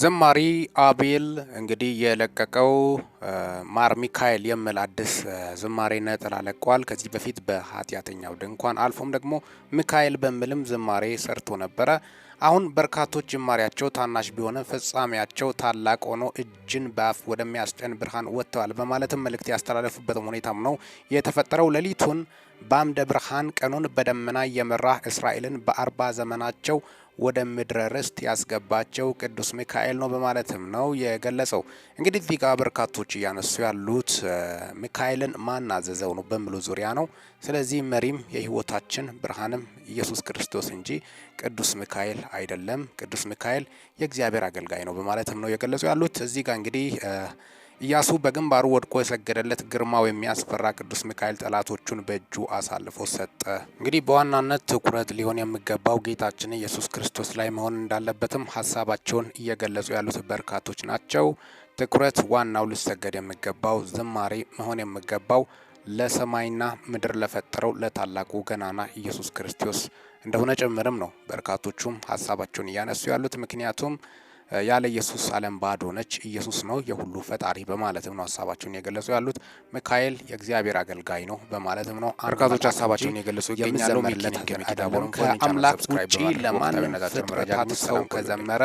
ዘማሪ አቤል እንግዲህ የለቀቀው ማር ሚካኤል የሚል አዲስ ዝማሬ ነጠላ ለቋል። ከዚህ በፊት በኃጢአተኛው ድንኳን አልፎም ደግሞ ሚካኤል በሚልም ዝማሬ ሰርቶ ነበረ። አሁን በርካቶች ጅማሬያቸው ታናሽ ቢሆንም ፍጻሜያቸው ታላቅ ሆኖ እጅን በአፍ ወደሚያስጨን ብርሃን ወጥተዋል በማለትም መልእክት ያስተላለፉበትም ሁኔታም ነው የተፈጠረው። ሌሊቱን በአምደ ብርሃን ቀኑን በደመና የመራህ እስራኤልን በአርባ ዘመናቸው ወደ ምድረ ርስት ያስገባቸው ቅዱስ ሚካኤል ነው በማለትም ነው የገለጸው። እንግዲህ እዚህ ጋር በርካቶች እያነሱ ያሉት ሚካኤልን ማን አዘዘው ነው በሚሉ ዙሪያ ነው። ስለዚህ መሪም የህይወታችን ብርሃንም ኢየሱስ ክርስቶስ እንጂ ቅዱስ ሚካኤል አይደለም። ቅዱስ ሚካኤል የእግዚአብሔር አገልጋይ ነው በማለትም ነው የገለጹ ያሉት። እዚህ ጋር እንግዲህ ኢያሱ በግንባሩ ወድቆ የሰገደለት ግርማው የሚያስፈራ ቅዱስ ሚካኤል ጠላቶቹን በእጁ አሳልፎ ሰጠ። እንግዲህ በዋናነት ትኩረት ሊሆን የሚገባው ጌታችን ኢየሱስ ክርስቶስ ላይ መሆን እንዳለበትም ሀሳባቸውን እየገለጹ ያሉት በርካቶች ናቸው። ትኩረት ዋናው ሊሰገድ የሚገባው ዝማሬ መሆን የሚገባው ለሰማይና ምድር ለፈጠረው ለታላቁ ገናና ኢየሱስ ክርስቶስ እንደሆነ ጭምርም ነው። በርካቶቹም ሀሳባቸውን እያነሱ ያሉት ምክንያቱም ያለ ኢየሱስ ዓለም ባዶ ነች፣ ኢየሱስ ነው የሁሉ ፈጣሪ በማለትም ነው ሀሳባቸውን የገለጹ ያሉት። ሚካኤል የእግዚአብሔር አገልጋይ ነው በማለትም ነው አርጋቶች ሀሳባቸውን የገለጹ ይገኛሉ። ሚኪ ከአምላክ ውጪ ለማንም ፍጥረታት ሰው ከዘመረ